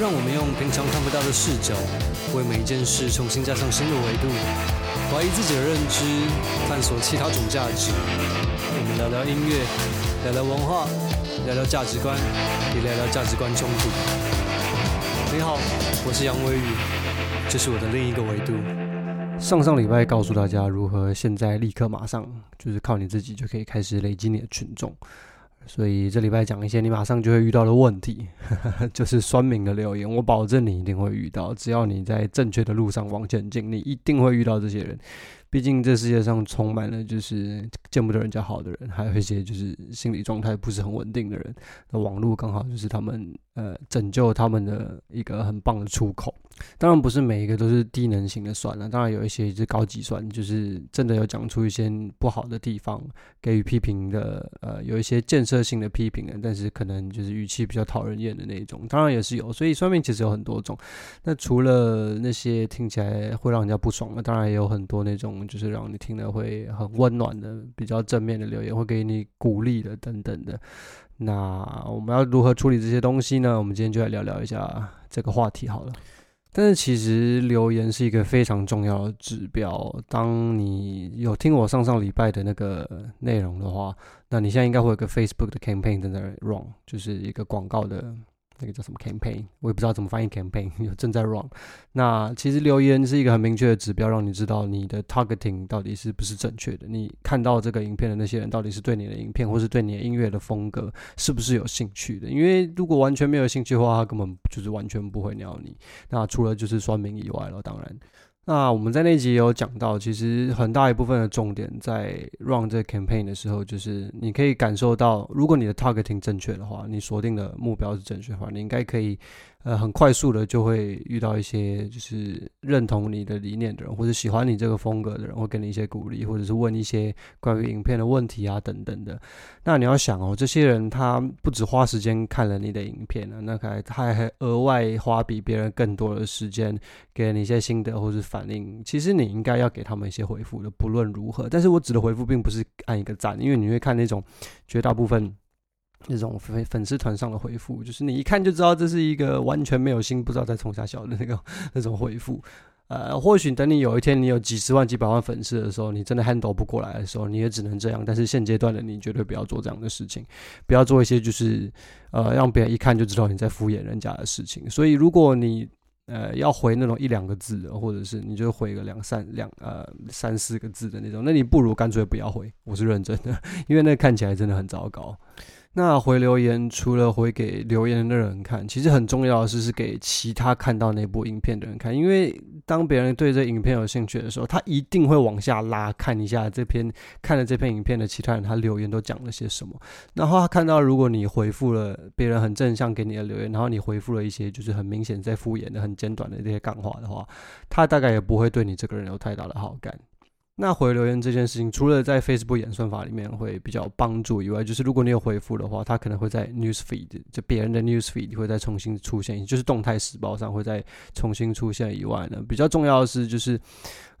讓我們用平常看不到的視角，為每一件事重新加上新的維度，懷疑自己的認知，探索其他種價值。我們聊聊音樂，聊聊文化，聊聊價值觀，也聊聊價值觀衝突。你好，我是楊威宇，這、就是我的另一個維度。上上禮拜告訴大家如何，現在立刻馬上就是靠你自己就可以開始累積你的群眾。所以這禮拜講一些你馬上就會遇到的問題， 就是酸民的留言，我保證你一定會遇到。只要你在正確的路上往前進，你一定會遇到這些人。畢竟這世界上充滿了就是見不得人家好的人，還有一些就是心理狀態不是很穩定的人，那網絡剛好就是他們呃拯救他們的一個很棒的出口。當然不是每一個都是低能型的酸啦，當然有一些就是高級酸，就是真的有講出一些不好的地方，給予批評的呃有一些建設性的批評的，但是可能就是語氣比較討人厭的那一種，當然也是有。所以酸民其實有很多種，那除了那些聽起來會讓人家不爽的，當然也有很多那種。就是讓你聽了會很溫暖的、比較正面的留言，會給你鼓勵的等等的。那我們要如何處理這些東西呢？我們今天就來聊聊一下這個話題好了。 但是其實留言是一個非常重要的指標。當你有聽我上上禮拜的那個內容的話，那你現在應該會有個 Facebook 的 campaign 在那 run，就是一個廣告的。那個叫什麼 campaign？我也不知道怎麼翻譯 campaign。 正在 run。那其實留言是一個很明確的指標，讓你知道你的 targeting 到底是不是正確的。你看到這個影片的那些人，到底是對你的影片，或是對你的音樂的風格，是不是有興趣的？因為如果完全沒有興趣的話，他根本就是完全不會鳥你。那除了就是酸民以外了，當然。那我們在那集也有講到，其實很大一部分的重點在 run 這個 campaign 的時候，就是你可以感受到，如果你的 targeting 正確的話，你鎖定的目標是正確的話，你應該可以，呃，很快速的就會遇到一些就是認同你的理念的人，或者喜歡你這個風格的人，會給你一些鼓勵，或者是問一些關於影片的問題啊等等的。那你要想哦，這些人他不止花時間看了你的影片啊，那還他還額外花比別人更多的時間，給你一些心得，或是反應，其實你應該要給他們一些回復的，不論如何。但是我指的回復並不是按一個讚，因為你會看那種絕大部分那種粉粉絲團上的回復，就是你一看就知道這是一個完全沒有心、不知道在衝啥小的那個那種回復。呃，或許等你有一天你有幾十萬、幾百萬粉絲的時候，你真的 handle 不過來的時候，你也只能這樣。但是現階段的你，絕對不要做這樣的事情，不要做一些就是呃讓別人一看就知道你在敷衍人家的事情。所以如果你。呃，要回那種一兩個字的，或者是你就回個兩三兩，呃，三四個字的那種，那你不如乾脆不要回，我是認真的，因為那看起來真的很糟糕。那回留言除了回給留言的人看，其實很重要的是，是給其他看到那部影片的人看。因為當別人對這影片有興趣的時候，他一定會往下拉看一下這篇看了這篇影片的其他人，他留言都講了些什麼。然後他看到如果你回復了別人很正向給你的留言，然後你回復了一些就是很明顯在敷衍的、很簡短的這些幹話的話，他大概也不會對你這個人有太大的好感。那回留言這件事情，除了在 Facebook 演算法裡面會比較幫助以外，就是如果你有回復的話，它可能會在 news feed，就別人的 news feed 會再重新出現，就是動態時報上會再重新出現以外呢，比較重要的是就是，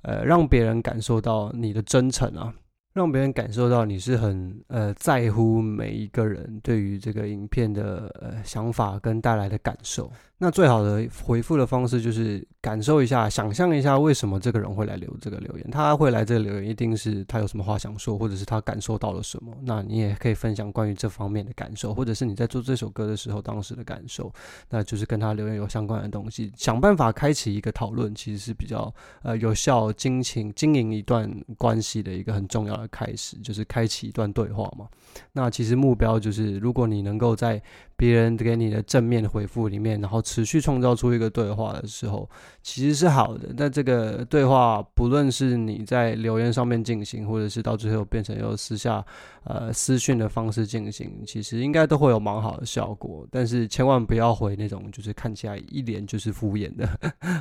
呃，讓別人感受到你的真誠啊。讓別人感受到你是很呃在乎每一個人對於這個影片的，呃，想法跟帶來的感受。那最好的回復的方式就是感受一下，想象一下為什麼這個人會來留這個留言。他會來這個留言，一定是他有什麼話想說，或者是他感受到了什麼。那你也可以分享關於這方面的感受，或者是你在做這首歌的時候當時的感受。那就是跟他留言有相關的東西，想辦法開啟一個討論，其實是比較呃有效經營經營一段關係的一個很重要的。開始就是開啟一段對話嘛，那其實目標就是，如果你能夠在，別人給你的正面回復裡面，然後持續創造出一個對話的時候，其實是好的。那這個對話，不論是你在留言上面進行，或者是到最後變成有私下呃私訊的方式進行，其實應該都會有蠻好的效果。但是千萬不要回那種就是看起來一臉就是敷衍的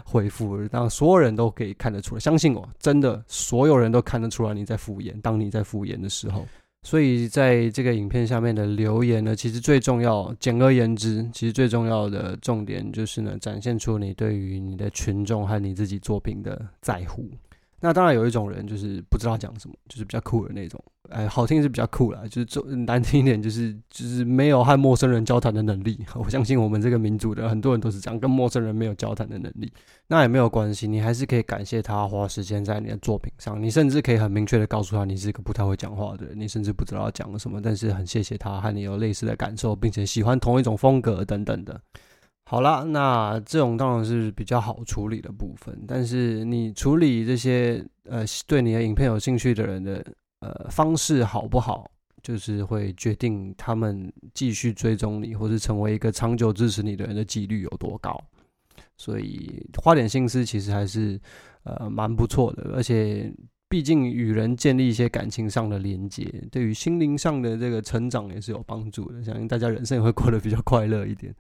回復，讓所有人都可以看得出來。相信我，真的所有人都看得出來你在敷衍。當你在敷衍的時候。所以，在這個影片下面的留言呢，其實最重要，簡而言之，其實最重要的重點就是呢，展現出你對於你的群眾和你自己作品的在乎。那當然有一種人就是不知道講什麼，就是比較酷的那種，哎，好聽是比較酷啦，就是做難聽一點就是就是沒有和陌生人交談的能力。我相信我們這個民族的很多人都是這樣，跟陌生人沒有交談的能力，那也沒有關係，你還是可以感謝他花時間在你的作品上，你甚至可以很明確的告訴他你是一個不太會講話的人，你甚至不知道講什麼，但是很謝謝他和你有類似的感受，並且喜歡同一種風格等等的。好啦，那這種當然是比較好處理的部分。但是你處理這些呃對你的影片有興趣的人的呃方式好不好，就是會決定他們繼續追蹤你，或是成為一個長久支持你的人的幾率有多高。所以花點心思其實還是呃蠻不錯的。而且畢竟與人建立一些感情上的連接，對於心靈上的這個成長也是有幫助的。相信大家人生也會過得比較快樂一點。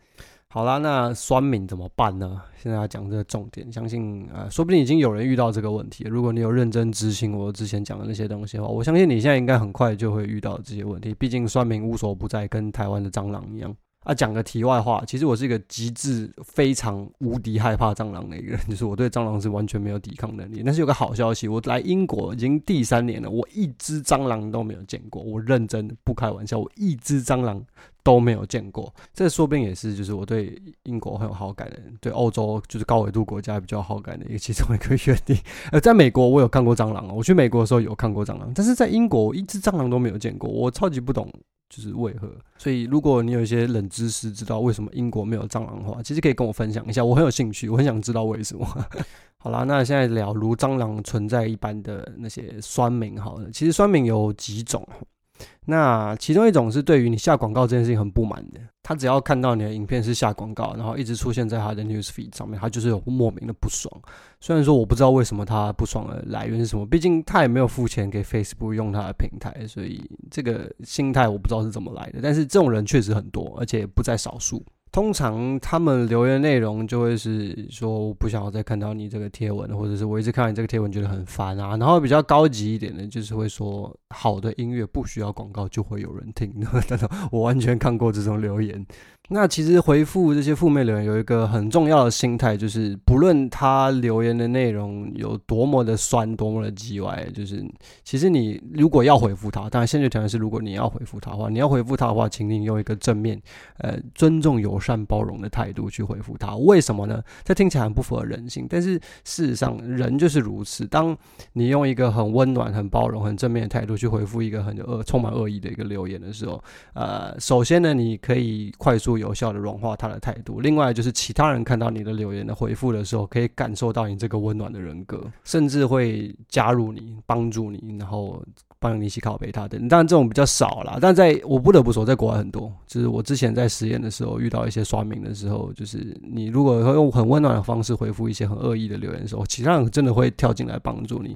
好啦，那酸民怎麼辦呢？現在要講這個重點，相信呃，說不定已經有人遇到這個問題了。如果你有認真執行我之前講的那些東西的話，我相信你現在應該很快就會遇到這些問題。畢竟酸民無所不在，跟台灣的蟑螂一樣。啊，講個題外話，其實我是一個極致非常無敵害怕蟑螂的一個人，就是我對蟑螂是完全沒有抵抗能力。但是有個好消息，我來英國已經第三年了，我一隻蟑螂都沒有見過。我認真不開玩笑，我一隻蟑螂都沒有見過。這個，說不定也是，就是我對英國很有好感的人，對歐洲就是高緯度國家比較有好感的一個其中一個原因，呃，在美國我有看過蟑螂，我去美國的時候有看過蟑螂，但是在英國我一隻蟑螂都沒有見過，我超級不懂。就是為何？所以如果你有一些冷知識，知道為什麼英國沒有蟑螂的話，其實可以跟我分享一下，我很有興趣，我很想知道為什麼。 好啦，那現在聊如蟑螂存在一般的那些酸民好了，其實酸民有幾種。那其中一種是對於你下廣告這件事情很不滿的，他只要看到你的影片是下廣告，然後一直出現在他的 news feed 上面，他就是有莫名的不爽。雖然說我不知道為什麼他不爽的來源是什麼，畢竟他也沒有付錢給 Facebook 用他的平台，所以這個心態我不知道是怎麼來的。但是這種人確實很多，而且不在少數。通常他們留言內容就會是說，我不想要再看到你這個貼文，或者是我一直看到你這個貼文覺得很煩啊。然後比較高級一點的，就是會說，好的音樂不需要廣告就會有人聽。等等，我完全看過這種留言。那其實回覆這些負面留言有一個很重要的心態，就是不論他留言的內容有多麼的酸、多麼的嘰歪，就是其實你如果要回覆他，當然先決條件是，如果你要回覆他的話，你要回覆他的話，請你用一個正面、呃，尊重、友善、包容的態度去回覆他。為什麼呢？這聽起來很不符合人性，但是事實上人就是如此。當你用一個很溫暖、很包容、很正面的態度去回覆一個很惡、充滿惡意的一個留言的時候，呃，首先呢，你可以快速。有效的軟化他的態度。另外就是，其他人看到你的留言的回覆的時候，可以感受到你這個溫暖的人格，甚至會加入你、幫助你，然後幫你一起拷貝他。等但這種比較少啦，但在我不得不說，在國外很多。就是我之前在實驗的時候，遇到一些酸民的時候，就是你如果用很溫暖的方式回覆一些很惡意的留言的時候，其他人真的會跳進來幫助你。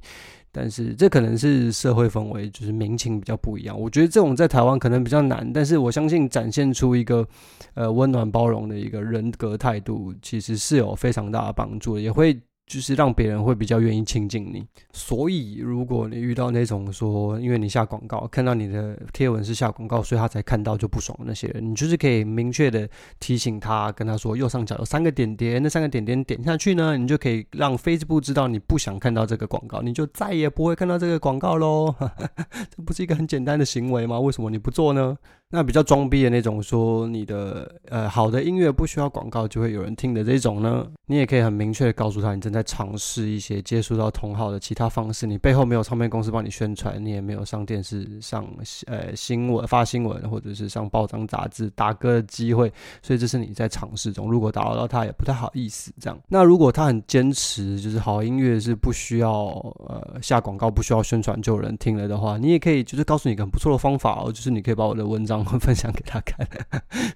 但是這可能是社會氛圍，就是民情比較不一樣。我覺得這種在台灣可能比較難，但是我相信展現出一個，呃，溫暖包容的一個人格態度，其實是有非常大的幫助，也會。就是讓別人會比較願意親近你，所以如果你遇到那種說，因為你下廣告，看到你的貼文是下廣告，所以他才看到就不爽那些人，你就是可以明確的提醒他，跟他說右上角有三個點點，那三個點點點下去呢，你就可以讓 Facebook 知道你不想看到這個廣告，你就再也不會看到這個廣告嘍。 這不是一個很簡單的行為嗎？為什麼你不做呢？那比較裝逼的那種，說你的呃好的音樂不需要廣告就會有人聽的這種呢，你也可以很明確的告訴他，你正在嘗試一些接觸到同好的其他方式，你背後沒有唱片公司幫你宣傳，你也沒有上電視上呃新聞發新聞或者是上報章雜誌打歌的機會，所以這是你在嘗試中。如果打擾到他也不太好意思這樣。那如果他很堅持，就是好音樂是不需要呃下廣告，不需要宣傳就有人聽了的話，你也可以就是告訴你一個很不錯的方法哦，就是你可以把我的文章。我會分享給他看，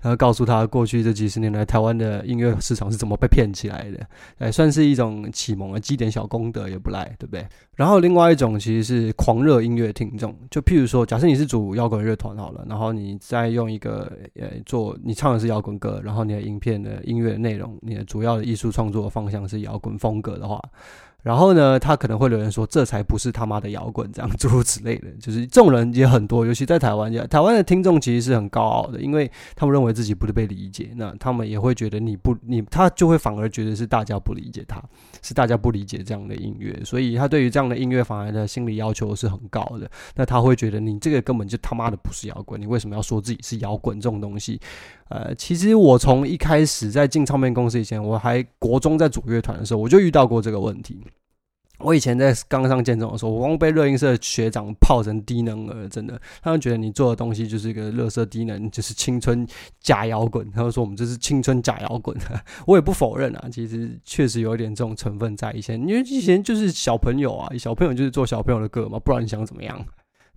然後告訴他過去這幾十年來台灣的音樂市場是怎麼被騙起來的，哎，算是一種啟蒙的積點小功德也不賴，對不對？然後另外一種其實是狂熱音樂聽眾，就譬如說，假設你是組搖滾樂團好了，然後你再用一個呃、哎、做，你唱的是搖滾歌，然後你的影片的音樂的內容，你的主要的藝術創作的方向是搖滾風格的話。然後呢，他可能會留言說，這才不是他媽的搖滾，這樣諸如此類的，就是這種人也很多，尤其在台灣，台灣的聽眾其實是很高傲的，因為他們認為自己不是被理解，那他們也會覺得你不，你他就會反而覺得是大家不理解他，是大家不理解這樣的音樂，所以他對於這樣的音樂反而的心理要求是很高的。那他會覺得你這個根本就他媽的不是搖滾，你為什麼要說自己是搖滾這種東西？呃，其實我從一開始在進唱片公司以前，我還國中在組樂團的時候，我就遇到過這個問題。我以前在剛上建中的時候，我光被熱音社學長泡成低能兒，真的。他們覺得你做的東西就是一個垃圾低能，就是青春假搖滾。他們說我們這是青春假搖滾， 我也不否認啊。其實確實有點這種成分在，以前，因為以前就是小朋友啊，小朋友就是做小朋友的歌嘛，不然你想怎麼樣？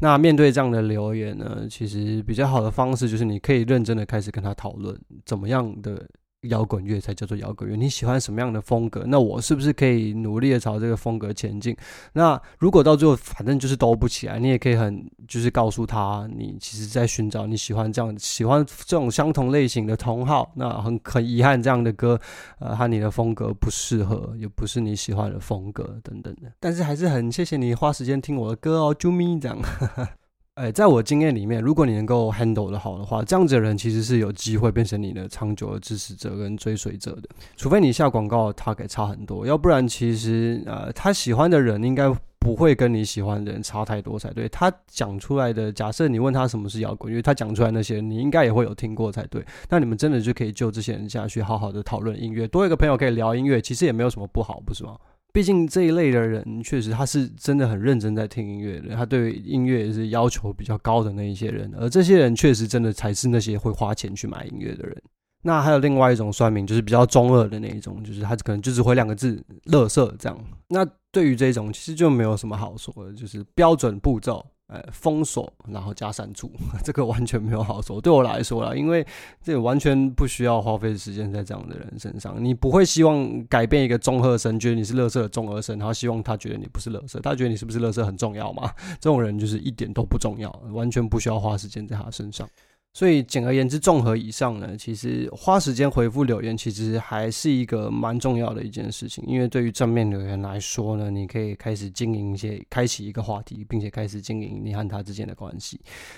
那面對這樣的留言呢，其實比較好的方式就是你可以認真的開始跟他討論，怎麼樣的。搖滾樂才叫做搖滾樂。你喜歡什麼樣的風格？那我是不是可以努力的朝這個風格前進？那如果到最後反正就是都不起來，你也可以很就是告訴他，你其實，在尋找你喜歡這樣、喜歡這種相同類型的同好。那很很遺憾，這樣的歌，呃，和你的風格不適合，也不是你喜歡的風格等等的。但是還是很謝謝你花時間聽我的歌哦，啾咪這樣。 哎，在我經驗裡面，如果你能夠 handle 的好的話，這樣子的人其實是有機會變成你的長久的支持者跟追隨者的。除非你下廣告，他給差很多，要不然其實呃，他喜歡的人應該不會跟你喜歡的人差太多才對。他講出來的，假設你問他什麼是搖滾，因為他講出來那些，你應該也會有聽過才對。那你們真的就可以就這些人下去好好的討論音樂，多一個朋友可以聊音樂，其實也沒有什麼不好，不是嗎？畢竟這一類的人，確實他是真的很認真在聽音樂的，他對音樂也是要求比較高的那一些人，而這些人確實真的才是那些會花錢去買音樂的人。那還有另外一種酸民，就是比較中二的那一種，就是他可能就只回兩個字“垃圾”這樣。那對於這種，其實就沒有什麼好說的，就是標準步驟。呃、哎，封鎖然後加刪除，這個完全沒有好說。對我來說啦，因為這完全不需要花費時間在這樣的人身上。你不會希望改變一個中和生，覺得你是樂色的中和生。然後希望他覺得你不是樂色。他覺得你是不是樂色很重要嘛。這種人就是一點都不重要，完全不需要花時間在他身上。所以簡而言之，綜合以上呢，其實花時間回復留言，其實還是一個蠻重要的一件事情。因為對於正面留言來說呢，你可以開始經營一些，開啟一個話題，並且開始經營你和他之間的關係。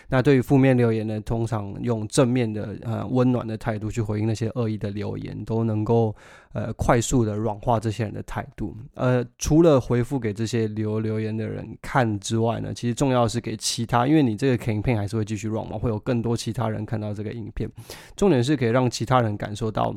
那對於負面留言呢，通常用正面的呃溫暖的態度去回應那些惡意的留言，都能夠呃快速的軟化這些人的態度。呃，除了回復給這些留留言的人看之外呢，其實重要的是給其他，因為你這個 campaign 還是會繼續 run 嘛，會有更多其他。他人看到這個影片，重點是可以讓其他人感受到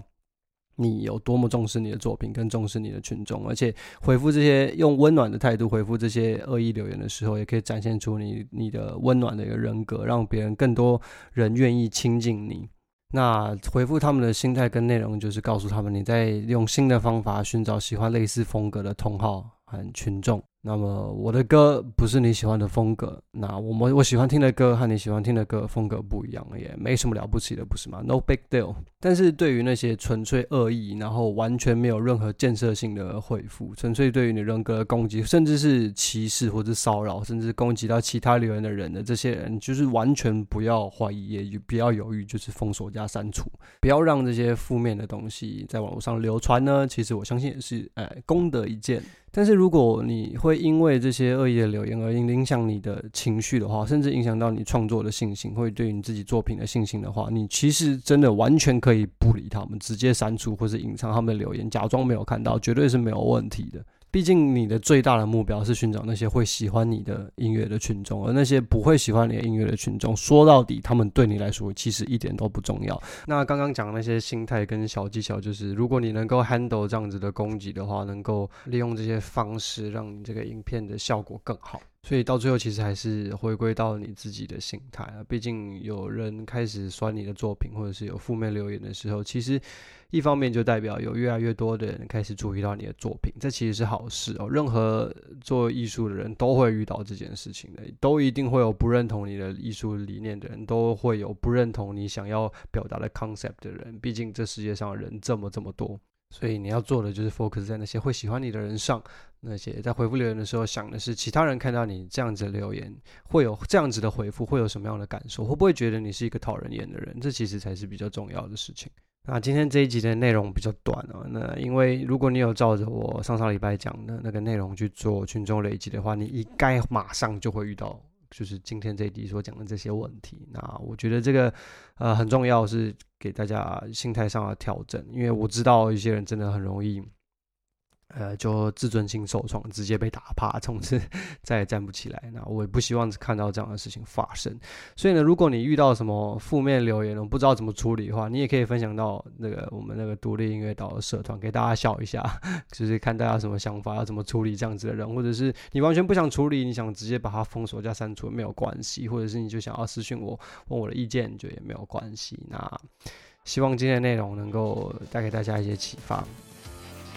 你有多麼重視你的作品，更重視你的群眾。而且回復這些用溫暖的態度回復這些惡意留言的時候，也可以展現出你你的溫暖的一個人格，讓別人更多人願意親近你。那回復他們的心態跟內容，就是告訴他們你在用新的方法尋找喜歡類似風格的同好和群眾。那麼我的歌不是你喜歡的風格，那我我我喜歡聽的歌和你喜歡聽的歌風格不一樣，也沒什麼了不起的，不是嗎？No big deal。但是對於那些純粹惡意，然後完全沒有任何建設性的回覆，純粹對於你人格的攻擊，甚至是歧視或者騷擾，甚至攻擊到其他留言的人的這些人，就是完全不要懷疑，也不要猶豫，就是封鎖加刪除，不要讓這些負面的東西在網絡上流傳呢。其實我相信也是，哎，功德一件。但是如果你會因為這些惡意的留言而影響你的情緒的話，甚至影響到你創作的信心，或對你自己作品的信心的話，你其實真的完全可以不理他們，直接刪除或是隱藏他們的留言，假裝沒有看到，絕對是沒有問題的。畢竟，你的最大的目標是尋找那些會喜歡你的音樂的群眾，而那些不會喜歡你的音樂的群眾，說到底，他們對你來說其實一點都不重要。那剛剛講那些心態跟小技巧，就是如果你能夠 handle 這樣子的攻擊的話，能夠利用這些方式，讓你這個影片的效果更好。所以到最後，其實還是回歸到你自己的心態啊。畢竟有人開始酸你的作品，或者是有負面留言的時候，其實一方面就代表有越來越多的人開始注意到你的作品，這其實是好事哦。任何做藝術的人都會遇到這件事情的，都一定會有不認同你的藝術理念的人，都會有不認同你想要表達的 concept 的人。畢竟這世界上人這麼這麼多，所以你要做的就是 focus 在那些會喜歡你的人上。那些在回覆留言的時候，想的是其他人看到你這樣子留言，會有這樣子的回覆，會有什麼樣的感受？會不會覺得你是一個討人厭的人？這其實才是比較重要的事情。那今天這一集的內容比較短啊、哦，那因為如果你有照着我上上禮拜講的那個內容去做，群眾累積的話，你應該馬上就會遇到，就是今天這一集所講的這些問題。那我覺得這個呃很重要，是給大家心態上的調整，因為我知道有些人真的很容易。呃，就自尊心受創，直接被打趴，從此再也站不起來。那我也不希望看到這樣的事情發生。所以呢，如果你遇到什麼負面留言，不知道怎麼處理的話，你也可以分享到那個我們那個獨立音樂島的社團，給大家笑一下，就是看大家什麼想法，要怎麼處理這樣子的人，或者是你完全不想處理，你想直接把它封鎖加刪除，沒有關係，或者是你就想要私訊我，問我的意見，就也沒有關係。那希望今天的內容能夠帶給大家一些啟發。